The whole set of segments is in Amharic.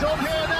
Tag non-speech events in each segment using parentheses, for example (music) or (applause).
Job here now.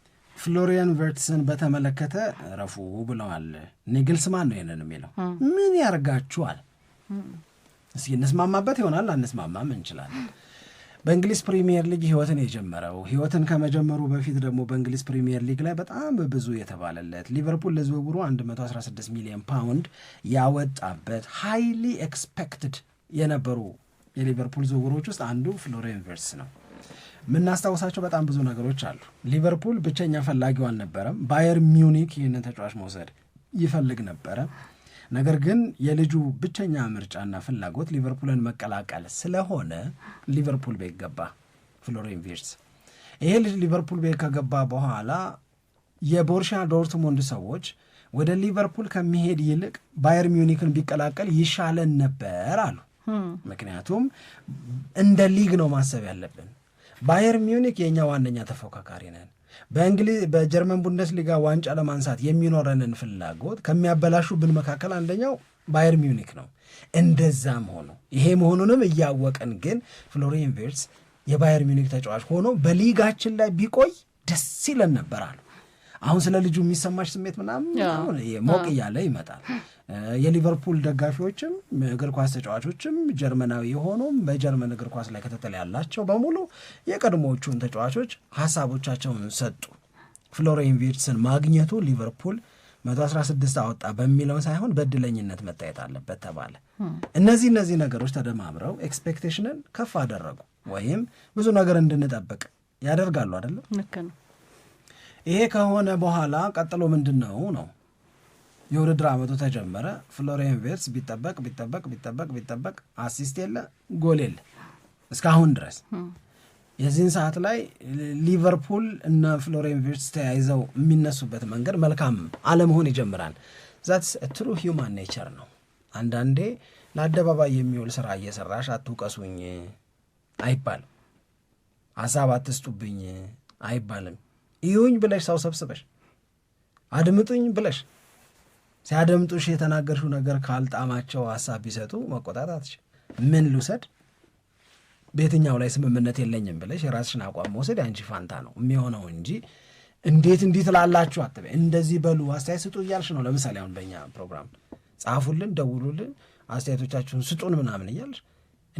ፍሎሪያን ቨርትስን በተመለከተ ረፉ ብለዋል። ማን ነው ይንን የሚለው ምን ያርጋችኋል? እስኪ እንስማማበት ይሆናል አንስማማም እንችላለን። በእንግሊዝ ፕሪሚየር ሊግ ህይወትን የጀመረው ህይወትን ከመጀመሩ በፊት ደግሞ በእንግሊዝ ፕሪሚየር ሊግ ላይ በጣም ብዙ የተባለለት ሊቨርፑል ለዝውውሩ 116 ሚሊዮን ፓውንድ ያወጣበት ሃይሊ ኤክስፔክትድ የነበሩ የሊቨርፑል ዝውውሮች ውስጥ አንዱ ፍሎሪያን ቨርትስ ነው። የምናስታውሳቸው በጣም ብዙ ነገሮች አሉ። ሊቨርፑል ብቸኛ ፈላጊው አልነበረም። ባየር ሚውኒክ ይህንን ተጫዋች መውሰድ ይፈልግ ነበረ። ነገር ግን የልጁ ብቸኛ ምርጫና ፍላጎት ሊቨርፑልን መቀላቀል ስለሆነ ሊቨርፑል ቤት ገባ ፍሎሪያን ቪርትዝ። ይሄ ልጅ ሊቨርፑል ቤት ከገባ በኋላ የቦርሻ ዶርትሞንድ ሰዎች ወደ ሊቨርፑል ከሚሄድ ይልቅ ባየር ሚውኒክን ቢቀላቀል ይሻለን ነበር አሉ። ምክንያቱም እንደ ሊግ ነው ማሰብ ያለብን ባየር ሚውኒክ የእኛ ዋነኛ ተፎካካሪ ነን። በእንግሊዝ በጀርመን ቡንደስሊጋ ዋንጫ ለማንሳት የሚኖረንን ፍላጎት ከሚያበላሹብን መካከል አንደኛው ባየር ሚውኒክ ነው። እንደዛም ሆኖ ይሄ መሆኑንም እያወቅን ግን ፍሎሪያን ቪርትዝ የባየር ሚዩኒክ ተጫዋች ሆኖ በሊጋችን ላይ ቢቆይ ደስ ይለን ነበራል። አሁን ስለ ልጁ የሚሰማሽ ስሜት ምናምን ሞቅ እያለ ይመጣል። የሊቨርፑል ደጋፊዎችም እግር ኳስ ተጫዋቾችም ጀርመናዊ የሆኑም በጀርመን እግር ኳስ ላይ ክትትል ያላቸው በሙሉ የቀድሞዎቹን ተጫዋቾች ሀሳቦቻቸውን ሰጡ። ፍሎሪያን ቪርትስን ማግኘቱ ሊቨርፑል 116 አወጣ በሚለውን ሳይሆን በእድለኝነት መታየት አለበት ተባለ። እነዚህ እነዚህ ነገሮች ተደማምረው ኤክስፔክቴሽንን ከፍ አደረጉ፣ ወይም ብዙ ነገር እንድንጠብቅ ያደርጋሉ። አይደለም ይሄ ከሆነ በኋላ ቀጥሎ ምንድን ነው ነው የውድድር ዓመቱ ተጀመረ። ፍሎሪያን ቪርትስ ቢጠበቅ ቢጠበቅ ቢጠበቅ ቢጠበቅ አሲስት የለ ጎል የለ እስካሁን ድረስ። የዚህን ሰዓት ላይ ሊቨርፑል እና ፍሎሪያን ቪርትስ ተያይዘው የሚነሱበት መንገድ መልካም አለመሆን ይጀምራል። ዛትስ ትሩ ሂውማን ኔቸር ነው። አንዳንዴ ለአደባባይ የሚውል ስራ እየሰራሽ አትውቀሱኝ አይባልም፣ ሀሳብ አትስጡብኝ አይባልም። ይሁኝ ብለሽ ሰው ሰብስበሽ አድምጡኝ ብለሽ ሲያደምጡሽ የተናገርሽው ነገር ካልጣማቸው ሀሳብ ቢሰጡ መቆጣጣትሽ ምን ልውሰድ በየትኛው ላይ ስምምነት የለኝም ብለሽ የራስሽን አቋም መውሰድ የአንቺ ፋንታ ነው የሚሆነው እንጂ እንዴት እንዲህ ትላላችሁ አትበይ። እንደዚህ በሉ አስተያየት ስጡ እያልሽ ነው። ለምሳሌ አሁን በእኛ ፕሮግራም ጻፉልን፣ ደውሉልን፣ አስተያየቶቻችሁን ስጡን ምናምን እያልሽ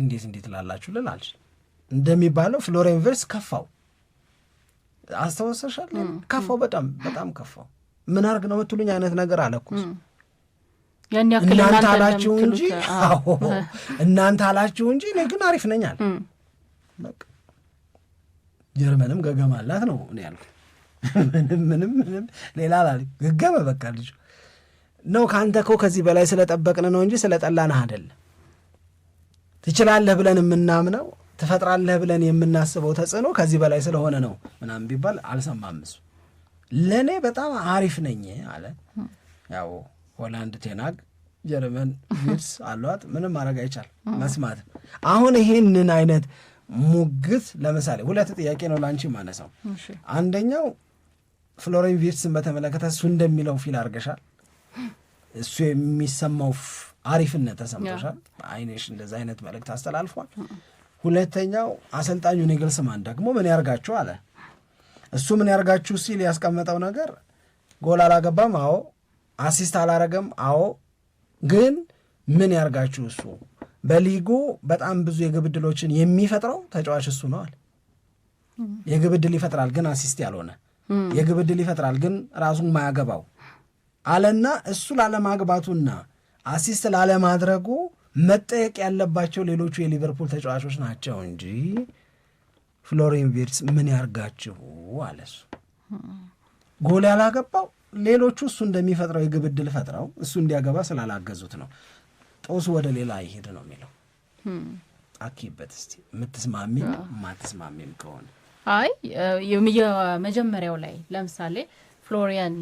እንዴት እንዲህ ትላላችሁ ልል አልሽ። እንደሚባለው ፍሎሬንቨርስ ከፋው። አስታወሰሻል? ከፋው፣ በጣም በጣም ከፋው። ምን አርግ ነው የምትሉኝ አይነት ነገር አለኩስ። እናንተ አላችሁ እንጂ እናንተ አላችሁ እንጂ እኔ ግን አሪፍ ነኛል። ጀርመንም ገገም አላት ነው እኔ ያልኩ። ምንም ምንም ምንም ሌላ ላ ገገመ በቃ ልጅ ነው ከአንተ እኮ ከዚህ በላይ ስለጠበቅን ነው እንጂ ስለጠላንህ አይደለም። ትችላለህ ብለን የምናምነው ትፈጥራለህ ብለን የምናስበው ተጽዕኖ ከዚህ በላይ ስለሆነ ነው ምናምን ቢባል አልሰማም። እሱ ለእኔ በጣም አሪፍ ነኝ አለ። ያው ሆላንድ ቴናግ ጀርመን ቪድስ አሏት። ምንም ማድረግ አይቻል መስማት። አሁን ይህንን አይነት ሙግት ለምሳሌ ሁለት ጥያቄ ነው ለአንቺ ማነሳው። አንደኛው ፍሎሪን ቪድስን በተመለከተ እሱ እንደሚለው ፊል አድርገሻል፣ እሱ የሚሰማው አሪፍነት ተሰምቶሻል፣ አይንሽ እንደዚ አይነት መልእክት አስተላልፏል። ሁለተኛው አሰልጣኙ ማን ደግሞ ምን ያርጋችሁ አለ። እሱ ምን ያርጋችሁ ሲል ያስቀመጠው ነገር ጎል አላገባም፣ አዎ። አሲስት አላረገም፣ አዎ። ግን ምን ያርጋችሁ እሱ በሊጉ በጣም ብዙ የግብ ዕድሎችን የሚፈጥረው ተጫዋች እሱ ነዋል። የግብ ዕድል ይፈጥራል ግን አሲስት ያልሆነ የግብ ዕድል ይፈጥራል ግን ራሱን ማያገባው አለና እሱ ላለማግባቱና አሲስት ላለማድረጉ መጠየቅ ያለባቸው ሌሎቹ የሊቨርፑል ተጫዋቾች ናቸው እንጂ ፍሎሪን ቪርትስ ምን ያርጋችሁ አለ እሱ። ጎል ያላገባው ሌሎቹ እሱ እንደሚፈጥረው የግብ ዕድል ፈጥረው እሱ እንዲያገባ ስላላገዙት ነው። ጦስ ወደ ሌላ ይሄድ ነው የሚለው አኪበት እስቲ የምትስማሚም ማትስማሚም ከሆነ አይ የመጀመሪያው ላይ ለምሳሌ ፍሎሪያን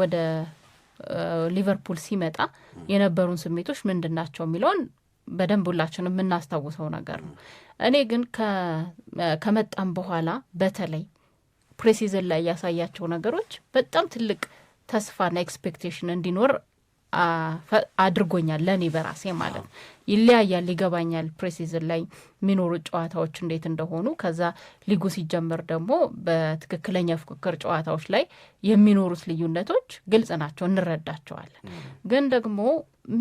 ወደ ሊቨርፑል ሲመጣ የነበሩን ስሜቶች ምንድን ናቸው የሚለውን በደንብ ሁላችን የምናስታውሰው ነገር ነው። እኔ ግን ከመጣም በኋላ በተለይ ፕሬሲዝን ላይ ያሳያቸው ነገሮች በጣም ትልቅ ተስፋና ኤክስፔክቴሽን እንዲኖር አድርጎኛል ለእኔ በራሴ ማለት ነው። ይለያያል፣ ይገባኛል ፕሬሲዝን ላይ የሚኖሩ ጨዋታዎች እንዴት እንደሆኑ ከዛ ሊጉ ሲጀመር ደግሞ በትክክለኛ ፉክክር ጨዋታዎች ላይ የሚኖሩት ልዩነቶች ግልጽ ናቸው፣ እንረዳቸዋለን። ግን ደግሞ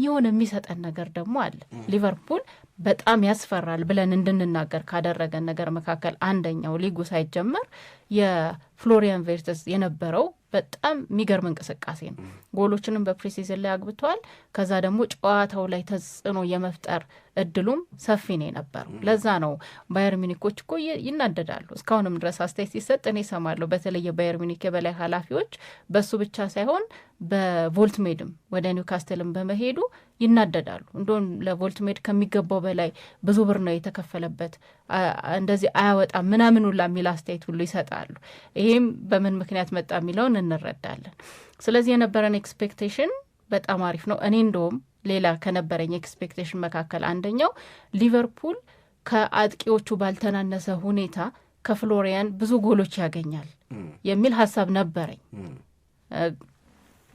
የሆነ የሚሰጠን ነገር ደግሞ አለ። ሊቨርፑል በጣም ያስፈራል ብለን እንድንናገር ካደረገን ነገር መካከል አንደኛው ሊጉ ሳይጀመር የፍሎሪያን ቬርተስ የነበረው በጣም የሚገርም እንቅስቃሴ ነው። ጎሎችንም በፕሬሲዝን ላይ አግብተዋል። ከዛ ደግሞ ጨዋታው ላይ ተጽዕኖ የመፍጠር እድሉም ሰፊ ነው የነበረው። ለዛ ነው ባየር ሚኒኮች እኮ ይናደዳሉ። እስካሁንም ድረስ አስተያየት ሲሰጥ እኔ እሰማለሁ። በተለይ የባየር ሚኒክ የበላይ ኃላፊዎች በሱ ብቻ ሳይሆን በቮልትሜድም ወደ ኒውካስትልም በመሄዱ ይናደዳሉ። እንዲሁም ለቮልትሜድ ከሚገባው በላይ ብዙ ብር ነው የተከፈለበት፣ እንደዚህ አያወጣም ምናምን ሁላ የሚል አስተያየት ሁሉ ይሰጣሉ። ይሄም በምን ምክንያት መጣ የሚለውን እንረዳለን። ስለዚህ የነበረን ኤክስፔክቴሽን በጣም አሪፍ ነው። እኔ እንደውም ሌላ ከነበረኝ ኤክስፔክቴሽን መካከል አንደኛው ሊቨርፑል ከአጥቂዎቹ ባልተናነሰ ሁኔታ ከፍሎሪያን ብዙ ጎሎች ያገኛል የሚል ሀሳብ ነበረኝ።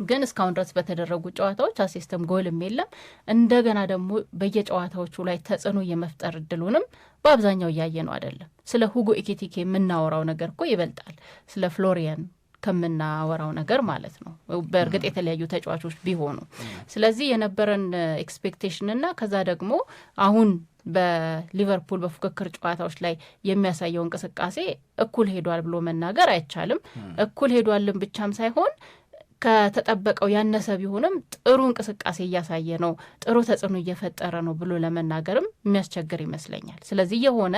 ግን እስካሁን ድረስ በተደረጉ ጨዋታዎች አሲስተም ጎልም የለም። እንደገና ደግሞ በየጨዋታዎቹ ላይ ተጽዕኖ የመፍጠር እድሉንም በአብዛኛው እያየ ነው አይደለም። ስለ ሁጎ ኢኬቲኬ የምናወራው ነገር እኮ ይበልጣል ስለ ፍሎሪያን ከምናወራው ነገር ማለት ነው። በእርግጥ የተለያዩ ተጫዋቾች ቢሆኑ ስለዚህ የነበረን ኤክስፔክቴሽን እና ከዛ ደግሞ አሁን በሊቨርፑል በፉክክር ጨዋታዎች ላይ የሚያሳየው እንቅስቃሴ እኩል ሄዷል ብሎ መናገር አይቻልም። እኩል ሄዷልን ብቻም ሳይሆን ከተጠበቀው ያነሰ ቢሆንም ጥሩ እንቅስቃሴ እያሳየ ነው፣ ጥሩ ተጽዕኖ እየፈጠረ ነው ብሎ ለመናገርም የሚያስቸግር ይመስለኛል። ስለዚህ የሆነ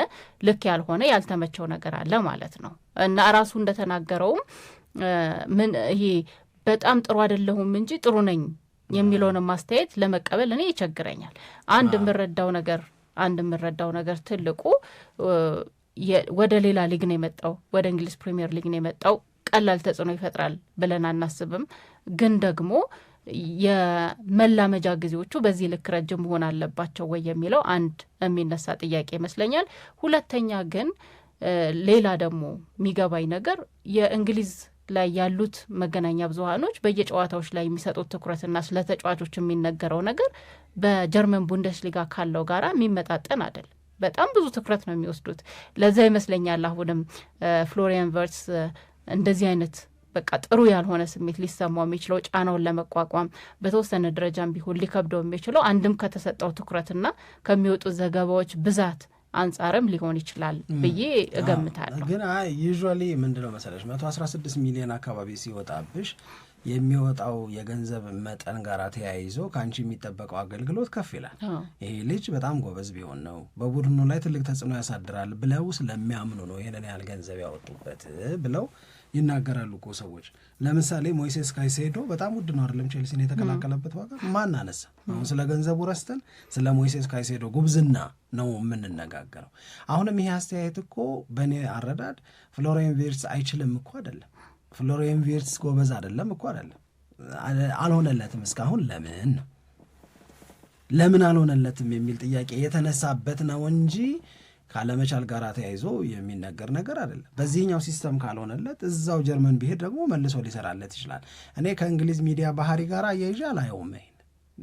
ልክ ያልሆነ ያልተመቸው ነገር አለ ማለት ነው እና ራሱ እንደተናገረውም ምን ይሄ በጣም ጥሩ አይደለሁም እንጂ ጥሩ ነኝ የሚለውን ማስተያየት ለመቀበል እኔ ይቸግረኛል። አንድ የምረዳው ነገር አንድ የምረዳው ነገር ትልቁ ወደ ሌላ ሊግ ነው የመጣው፣ ወደ እንግሊዝ ፕሪሚየር ሊግ ነው የመጣው። ቀላል ተጽዕኖ ይፈጥራል ብለን አናስብም፣ ግን ደግሞ የመላመጃ ጊዜዎቹ በዚህ ልክ ረጅም መሆን አለባቸው ወይ የሚለው አንድ የሚነሳ ጥያቄ ይመስለኛል። ሁለተኛ ግን ሌላ ደግሞ የሚገባኝ ነገር የእንግሊዝ ላይ ያሉት መገናኛ ብዙሀኖች በየጨዋታዎች ላይ የሚሰጡት ትኩረትና ስለ ተጫዋቾች የሚነገረው ነገር በጀርመን ቡንደስሊጋ ካለው ጋራ የሚመጣጠን አይደል። በጣም ብዙ ትኩረት ነው የሚወስዱት። ለዛ ይመስለኛል አሁንም ፍሎሪያን ቨርትስ እንደዚህ አይነት በቃ ጥሩ ያልሆነ ስሜት ሊሰማው የሚችለው ጫናውን ለመቋቋም በተወሰነ ደረጃም ቢሆን ሊከብደው የሚችለው አንድም ከተሰጠው ትኩረትና ከሚወጡ ዘገባዎች ብዛት አንጻርም ሊሆን ይችላል ብዬ እገምታለሁ። ግን አይ ዩዥዋሊ ምንድነው መሰለሽ መቶ አስራ ስድስት ሚሊዮን አካባቢ ሲወጣብሽ የሚወጣው የገንዘብ መጠን ጋር ተያይዞ ከአንቺ የሚጠበቀው አገልግሎት ከፍ ይላል። ይሄ ልጅ በጣም ጎበዝ ቢሆን ነው በቡድኑ ላይ ትልቅ ተጽዕኖ ያሳድራል ብለው ስለሚያምኑ ነው ይህንን ያህል ገንዘብ ያወጡበት ብለው ይናገራሉ እኮ ሰዎች። ለምሳሌ ሞይሴስ ካይሴዶ በጣም ውድ ነው አይደለም? ቼልሲን የተከላከለበት ዋጋ ማን አነሳ? አሁን ስለ ገንዘቡ ረስተን ስለ ሞይሴስ ካይሴዶ ጉብዝና ነው የምንነጋገረው። አሁንም ይሄ አስተያየት እኮ በእኔ አረዳድ ፍሎሬን ቪርትስ አይችልም እኮ አይደለም። ፍሎሬን ቪርትስ ጎበዝ አይደለም እኮ አይደለም። አልሆነለትም እስካሁን ለምን ነው ለምን አልሆነለትም የሚል ጥያቄ የተነሳበት ነው እንጂ ካለመቻል ጋር ተያይዞ የሚነገር ነገር አይደለም። በዚህኛው ሲስተም ካልሆነለት እዛው ጀርመን ቢሄድ ደግሞ መልሶ ሊሰራለት ይችላል። እኔ ከእንግሊዝ ሚዲያ ባህሪ ጋር አያይዣ አላየውም ይሄን።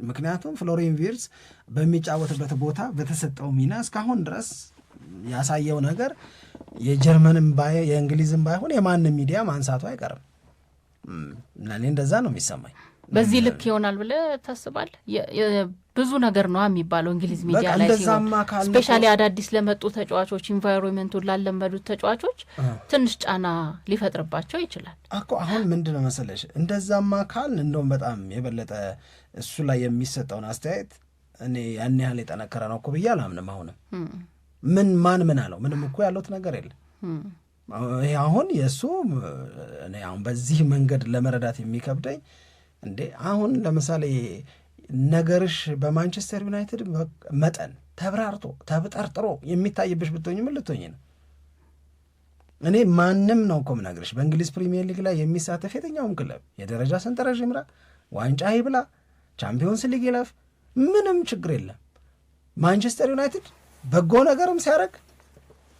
ምክንያቱም ፍሎሪን ቪርስ በሚጫወትበት ቦታ በተሰጠው ሚና እስካሁን ድረስ ያሳየው ነገር የጀርመንም የእንግሊዝም ባይሆን የማንም ሚዲያ ማንሳቱ አይቀርም። እንደዛ ነው የሚሰማኝ። በዚህ ልክ ይሆናል ብለህ ታስባለህ? ብዙ ነገር ነው የሚባለው እንግሊዝ ሚዲያ ላይ ሲሆን ስፔሻሊ አዳዲስ ለመጡ ተጫዋቾች ኢንቫይሮንመንቱን ላለመዱት ተጫዋቾች ትንሽ ጫና ሊፈጥርባቸው ይችላል እኮ። አሁን ምንድን ነው መሰለሽ እንደዛማ ካል እንደውም በጣም የበለጠ እሱ ላይ የሚሰጠውን አስተያየት እኔ ያን ያህል የጠነከረ ነው እኮ ብዬ አላምንም። አሁንም ምን ማን ምን አለው ምንም እኮ ያለውት ነገር የለ ይሄ አሁን የእሱ አሁን በዚህ መንገድ ለመረዳት የሚከብደኝ እንዴ አሁን ለምሳሌ ነገርሽ በማንቸስተር ዩናይትድ መጠን ተብራርቶ ተብጠርጥሮ የሚታይብሽ ብትሆኝ ምን ልትሆኝ ነው? እኔ ማንም ነው እኮ ምነግርሽ በእንግሊዝ ፕሪሚየር ሊግ ላይ የሚሳተፍ የትኛውም ክለብ የደረጃ ሰንጠረዥ ይምራ፣ ዋንጫ ይብላ፣ ቻምፒዮንስ ሊግ ይለፍ፣ ምንም ችግር የለም። ማንቸስተር ዩናይትድ በጎ ነገርም ሲያደርግ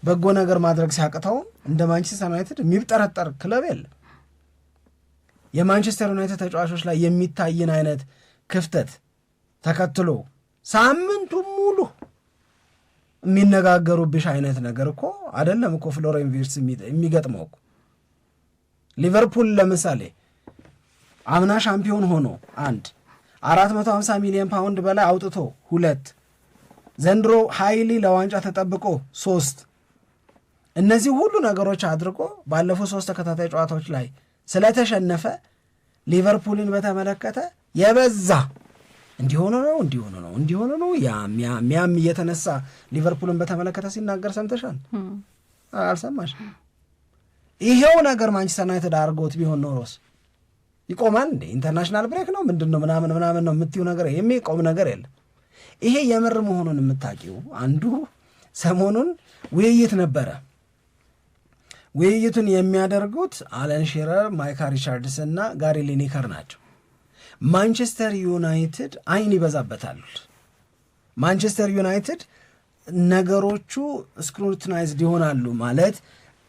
በጎ ነገር ማድረግ ሲያቅተውም እንደ ማንቸስተር ዩናይትድ የሚብጠረጠር ክለብ የለም። የማንቸስተር ዩናይትድ ተጫዋቾች ላይ የሚታይን አይነት ክፍተት ተከትሎ ሳምንቱ ሙሉ የሚነጋገሩብሽ አይነት ነገር እኮ አይደለም እኮ ፍሎሬን ቪርስ የሚገጥመው እኮ ሊቨርፑል ለምሳሌ አምና ሻምፒዮን ሆኖ አንድ 450 ሚሊዮን ፓውንድ በላይ አውጥቶ ሁለት ዘንድሮ ሀይሊ ለዋንጫ ተጠብቆ ሶስት እነዚህ ሁሉ ነገሮች አድርጎ ባለፉት ሶስት ተከታታይ ጨዋታዎች ላይ ስለተሸነፈ ሊቨርፑልን በተመለከተ የበዛ እንዲሆኑ ነው እንዲሆኑ ነው እንዲሆኑ ነው ያም እየተነሳ ሊቨርፑልን በተመለከተ ሲናገር ሰምተሻል? አልሰማሽ? ይሄው ነገር ማንቸስተር ዩናይትድ አድርጎት ቢሆን ኖሮስ ይቆማል እንዴ? ኢንተርናሽናል ብሬክ ነው ምንድን ነው ምናምን ምናምን ነው የምትዩ ነገር የሚቆም ነገር የለም። ይሄ የምር መሆኑን የምታውቂው አንዱ ሰሞኑን ውይይት ነበረ ውይይቱን የሚያደርጉት አለን ሽረር፣ ማይካ ሪቻርድስ እና ጋሪ ሊኒከር ናቸው። ማንቸስተር ዩናይትድ አይን ይበዛበታል። ማንቸስተር ዩናይትድ ነገሮቹ ስክሩትናይዝድ ይሆናሉ ማለት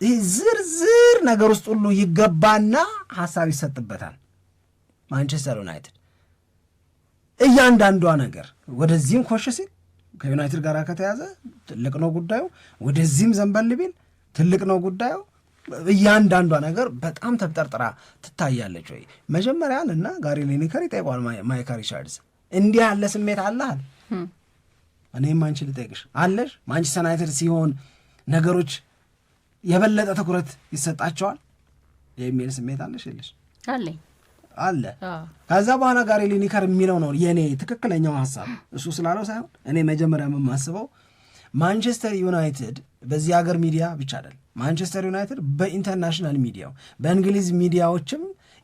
ይህ ዝርዝር ነገር ውስጥ ሁሉ ይገባና ሀሳብ ይሰጥበታል። ማንቸስተር ዩናይትድ እያንዳንዷ ነገር ወደዚህም ኮሽ ሲል ከዩናይትድ ጋር ከተያዘ ትልቅ ነው ጉዳዩ፣ ወደዚህም ዘንበል ቢል ትልቅ ነው ጉዳዩ። እያንዳንዷ ነገር በጣም ተብጠርጥራ ትታያለች ወይ? መጀመሪያ እና ጋሪ ሊኒከር ይጠይቋል ማይካ ሪቻርድስ እንዲህ ያለ ስሜት አለሃል? እኔም አንቺ ልጠይቅሽ አለሽ? ማንቸስተር ዩናይትድ ሲሆን ነገሮች የበለጠ ትኩረት ይሰጣቸዋል የሚል ስሜት አለሽ የለሽ? አለኝ አለ። ከዛ በኋላ ጋሪ ሊኒከር የሚለው ነው የእኔ ትክክለኛው ሀሳብ እሱ ስላለው ሳይሆን እኔ መጀመሪያ የምማስበው ማንቸስተር ዩናይትድ በዚህ ሀገር ሚዲያ ብቻ አይደል፣ ማንቸስተር ዩናይትድ በኢንተርናሽናል ሚዲያው በእንግሊዝ ሚዲያዎችም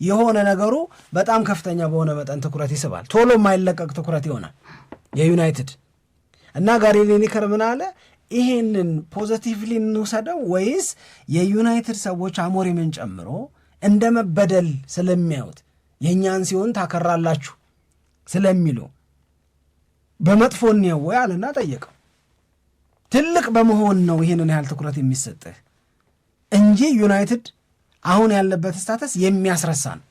የሆነ ነገሩ በጣም ከፍተኛ በሆነ መጠን ትኩረት ይስባል። ቶሎ የማይለቀቅ ትኩረት ይሆናል የዩናይትድ እና ጋሪ ሊኒከር ምን አለ? ይሄንን ፖዘቲቭሊ እንውሰደው ወይስ የዩናይትድ ሰዎች አሞሪምን ጨምሮ እንደ መበደል ስለሚያዩት የእኛን ሲሆን ታከራላችሁ ስለሚሉ በመጥፎ እንየው ወይ አለና ጠየቀው። ትልቅ በመሆን ነው ይህንን ያህል ትኩረት የሚሰጥህ እንጂ ዩናይትድ አሁን ያለበት ስታተስ የሚያስረሳ ነው።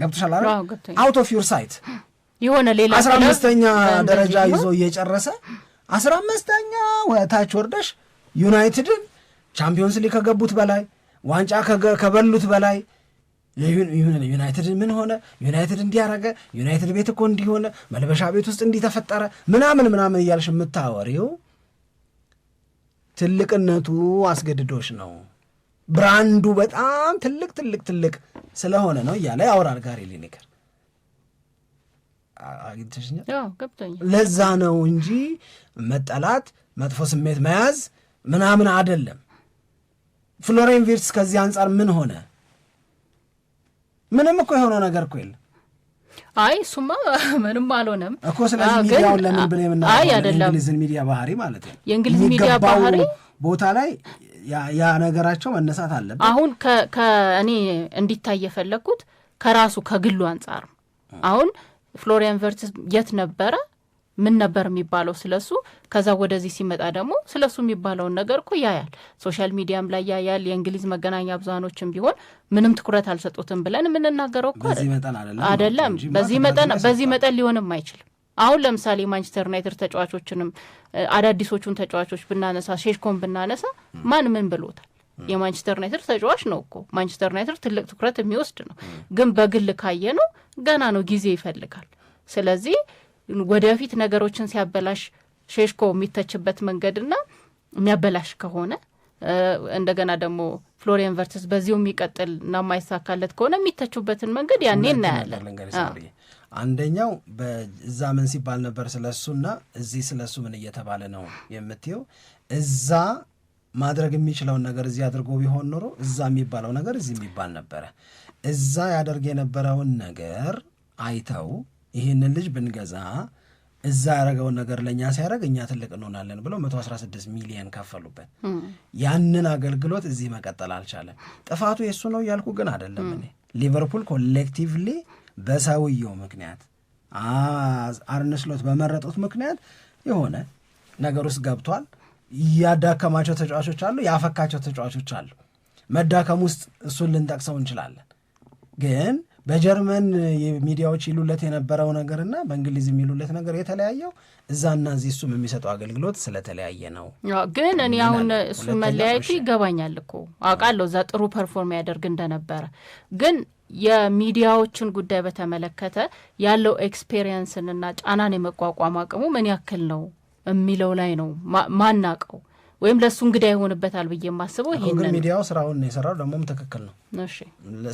ገብቶሻል አይደል? አውት ኦፍ ዩር ሳይት የሆነ ሌላ አስራ አምስተኛ ደረጃ ይዞ እየጨረሰ አስራ አምስተኛ ወታች ወርደሽ ዩናይትድን ቻምፒዮንስ ሊግ ከገቡት በላይ ዋንጫ ከበሉት በላይ ዩናይትድ ምን ሆነ፣ ዩናይትድ እንዲያረገ፣ ዩናይትድ ቤት እኮ እንዲሆነ፣ መልበሻ ቤት ውስጥ እንዲተፈጠረ ምናምን ምናምን እያልሽ የምታወሪው ትልቅነቱ አስገድዶች ነው። ብራንዱ በጣም ትልቅ ትልቅ ትልቅ ስለሆነ ነው እያለ ያወራል ጋሪ ሊኔከር። ለዛ ነው እንጂ መጠላት፣ መጥፎ ስሜት መያዝ ምናምን አደለም። ፍሎሬን ቪርትስ ከዚህ አንጻር ምን ሆነ? ምንም እኮ የሆነው ነገር እኮ የለም። አይ እሱማ (laughs) ምንም አልሆነም እኮ። ስለዚህ ሚዲያውን ለምን ብለህ የምናየው የእንግሊዝን ሚዲያ ባህሪ ማለት ነው። የእንግሊዝ ሚዲያ ባህሪ ቦታ ላይ ያ ነገራቸው መነሳት አለበት። አሁን እኔ እንዲታይ የፈለግኩት ከራሱ ከግሉ አንጻር አሁን ፍሎሪያን ቨርትስ የት ነበረ? ምን ነበር የሚባለው ስለሱ? ከዛ ወደዚህ ሲመጣ ደግሞ ስለሱ የሚባለውን ነገር እኮ ያያል፣ ሶሻል ሚዲያም ላይ ያያል። የእንግሊዝ መገናኛ ብዙሃኖችም ቢሆን ምንም ትኩረት አልሰጡትም ብለን የምንናገረው እኮ አይደለም። በዚህ መጠን ሊሆንም አይችልም። አሁን ለምሳሌ ማንቸስተር ዩናይትድ ተጫዋቾችንም አዳዲሶቹን ተጫዋቾች ብናነሳ፣ ሼሽኮን ብናነሳ ማን ምን ብሎታል? የማንቸስተር ዩናይትድ ተጫዋች ነው እኮ ማንቸስተር ዩናይትድ ትልቅ ትኩረት የሚወስድ ነው። ግን በግል ካየ ነው ገና ነው፣ ጊዜ ይፈልጋል። ስለዚህ ወደፊት ነገሮችን ሲያበላሽ ሼሽኮ የሚተችበት መንገድና የሚያበላሽ ከሆነ እንደገና ደግሞ ፍሎሪያን ቨርትስ በዚሁ የሚቀጥል እና የማይሳካለት ከሆነ የሚተቹበትን መንገድ ያኔ እናያለን። አንደኛው እዛ ምን ሲባል ነበር ስለ እሱና እዚህ ስለ እሱ ምን እየተባለ ነው የምትየው? እዛ ማድረግ የሚችለውን ነገር እዚህ አድርጎ ቢሆን ኖሮ እዛ የሚባለው ነገር እዚህ የሚባል ነበረ። እዛ ያደርግ የነበረውን ነገር አይተው ይህንን ልጅ ብንገዛ እዛ ያረገውን ነገር ለእኛ ሲያደርግ እኛ ትልቅ እንሆናለን ብለው 116 ሚሊየን ከፈሉበት። ያንን አገልግሎት እዚህ መቀጠል አልቻለም። ጥፋቱ የእሱ ነው እያልኩ ግን አይደለም። እኔ ሊቨርፑል ኮሌክቲቭሊ በሰውየው ምክንያት አርነ ስሎት በመረጡት ምክንያት የሆነ ነገር ውስጥ ገብቷል። ያዳከማቸው ተጫዋቾች አሉ፣ ያፈካቸው ተጫዋቾች አሉ። መዳከም ውስጥ እሱን ልንጠቅሰው እንችላለን ግን በጀርመን ሚዲያዎች ይሉለት የነበረው ነገር እና በእንግሊዝ የሚሉለት ነገር የተለያየው እዛና እዚህ እሱም የሚሰጠው አገልግሎት ስለተለያየ ነው። ግን እኔ አሁን እሱ መለያየቱ ይገባኛል እኮ አውቃለሁ፣ እዛ ጥሩ ፐርፎርም ያደርግ እንደነበረ ግን የሚዲያዎችን ጉዳይ በተመለከተ ያለው ኤክስፔሪየንስንና ጫናን የመቋቋም አቅሙ ምን ያክል ነው የሚለው ላይ ነው ማናቀው ወይም ለእሱ እንግዳ ይሆንበታል ብዬ የማስበው ይሄ ግን ሚዲያው ስራውን የሰራው ደግሞም ትክክል ነው።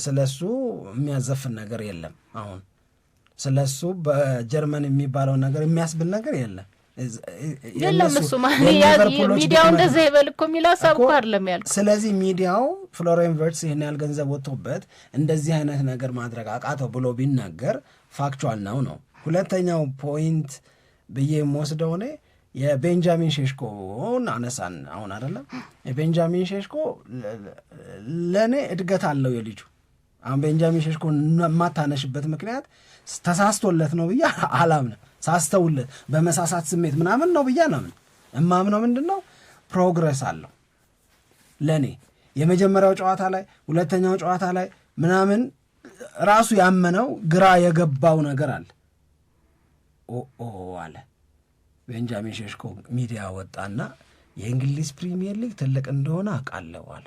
ስለ እሱ የሚያዘፍን ነገር የለም። አሁን ስለ እሱ በጀርመን የሚባለው ነገር የሚያስብል ነገር የለም የለም። እሱ ሚዲያው እንደዛ ይበል እኮ የሚል ሀሳብ እኮ አይደለም ያልኩት። ስለዚህ ሚዲያው ፍሎሬን ቨርትዝ ይህን ያህል ገንዘብ ወጥቶበት እንደዚህ አይነት ነገር ማድረግ አቃተው ብሎ ቢናገር ፋክቹዋል ነው ነው። ሁለተኛው ፖይንት ብዬ የምወስደው እኔ የቤንጃሚን ሼሽኮን አነሳን አሁን አይደለም። የቤንጃሚን ሼሽኮ ለእኔ እድገት አለው የልጁ አሁን ቤንጃሚን ሼሽኮን የማታነሽበት ምክንያት ተሳስቶለት ነው ብዬ አላምንም። ሳስተውለት በመሳሳት ስሜት ምናምን ነው ብዬ አላምንም። እማምነው ምንድን ነው ፕሮግረስ አለው ለእኔ የመጀመሪያው ጨዋታ ላይ ሁለተኛው ጨዋታ ላይ ምናምን ራሱ ያመነው ግራ የገባው ነገር አለ ኦ አለ ቤንጃሚን ሼሽኮ ሚዲያ ወጣና የእንግሊዝ ፕሪሚየር ሊግ ትልቅ እንደሆነ አውቃለዋል፣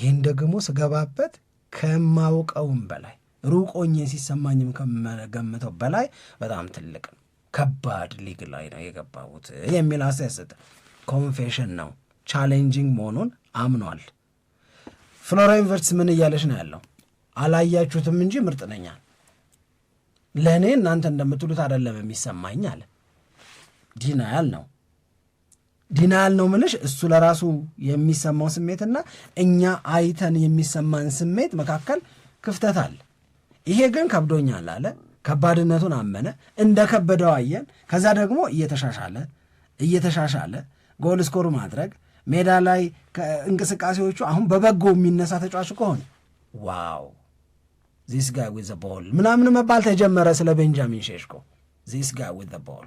ግን ደግሞ ስገባበት ከማውቀውም በላይ ሩቅ ሲሰማኝም ከመገምተው በላይ በጣም ትልቅ ከባድ ሊግ ላይ ነው የገባሁት የሚል አስተያየት ኮንፌሽን ነው። ቻሌንጂንግ መሆኑን አምኗል። ፍሎራ ዩኒቨርሲቲ ምን እያለች ነው ያለው? አላያችሁትም እንጂ ምርጥ ነኛል። ለእኔ እናንተ እንደምትሉት አይደለም የሚሰማኝ አለ። ዲናያል ነው ዲናያል ነው ምልሽ እሱ ለራሱ የሚሰማው ስሜትና እኛ አይተን የሚሰማን ስሜት መካከል ክፍተት አለ። ይሄ ግን ከብዶኛል አለ። ከባድነቱን አመነ። እንደ ከበደው አየን። ከዛ ደግሞ እየተሻሻለ እየተሻሻለ ጎል ስኮር ማድረግ ሜዳ ላይ እንቅስቃሴዎቹ አሁን በበጎ የሚነሳ ተጫዋች ከሆነ ዋው ዚስ ጋይ ዊዝ ቦል ምናምን መባል ተጀመረ ስለ ቤንጃሚን ሼሽኮ ዚስ ጋይ ዊዝ ቦል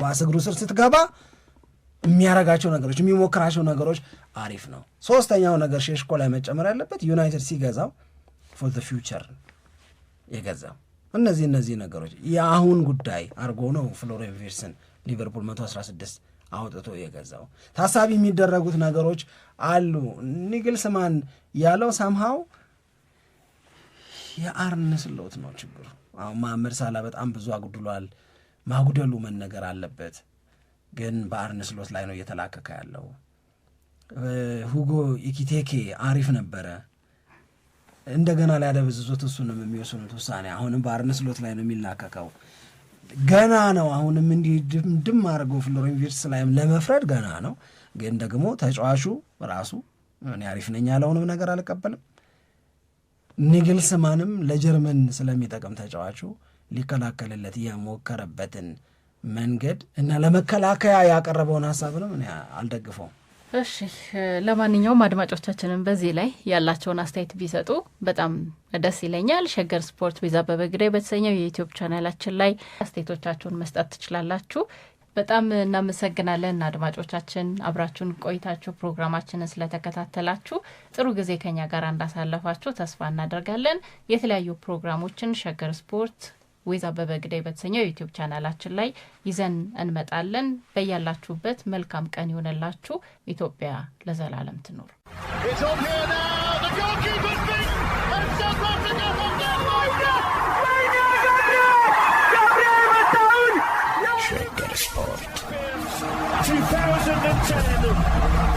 ኳስ እግሩ ስር ስትገባ የሚያረጋቸው ነገሮች የሚሞክራቸው ነገሮች አሪፍ ነው። ሶስተኛው ነገር ሼሽኮ ላይ መጨመር ያለበት ዩናይትድ ሲገዛው ፎር ዘ ፊውቸር የገዛው እነዚህ እነዚህ ነገሮች የአሁን ጉዳይ አድርጎ ነው ፍሎሪያን ቪርትስን ሊቨርፑል 116 አውጥቶ የገዛው። ታሳቢ የሚደረጉት ነገሮች አሉ። ኒግልስማን ያለው ሰምሃው የአርነ ስሎት ነው ችግሩ። አሁን መሐመድ ሳላ በጣም ብዙ አጉድሏል። ማጉደሉ መነገር አለበት፣ ግን በአርነ ስሎት ላይ ነው እየተላከከ ያለው። ሁጎ ኢኪቴኬ አሪፍ ነበረ። እንደገና ላይ ሊያደበዝዙት እሱንም የሚወስኑት ውሳኔ አሁንም በአርነ ስሎት ላይ ነው የሚላከከው። ገና ነው። አሁንም እንዲህ ድምድም አድርገው ፍሎሪን ቪርትስ ላይም ለመፍረድ ገና ነው። ግን ደግሞ ተጫዋቹ ራሱ እኔ አሪፍ ነኝ ያለውንም ነገር አልቀበልም ኒግልስማንም ለጀርመን ስለሚጠቅም ተጫዋቹ ሊከላከልለት የሞከረበትን መንገድ እና ለመከላከያ ያቀረበውን ሀሳብንም አልደግፈውም። እሺ ለማንኛውም አድማጮቻችንም በዚህ ላይ ያላቸውን አስተያየት ቢሰጡ በጣም ደስ ይለኛል። ሸገር ስፖርት ቤዛ በበግዳይ በተሰኘው የዩቲዩብ ቻናላችን ላይ አስተያየቶቻችሁን መስጠት ትችላላችሁ። በጣም እናመሰግናለን አድማጮቻችን፣ አብራችሁን ቆይታችሁ ፕሮግራማችንን ስለተከታተላችሁ ጥሩ ጊዜ ከኛ ጋር እንዳሳለፋችሁ ተስፋ እናደርጋለን። የተለያዩ ፕሮግራሞችን ሸገር ስፖርት ዊዝ አበበ በተሰኘው ዩቲዩብ ቻናላችን ላይ ይዘን እንመጣለን። በያላችሁበት መልካም ቀን ይሆነላችሁ። ኢትዮጵያ ለዘላለም ትኖር። Sen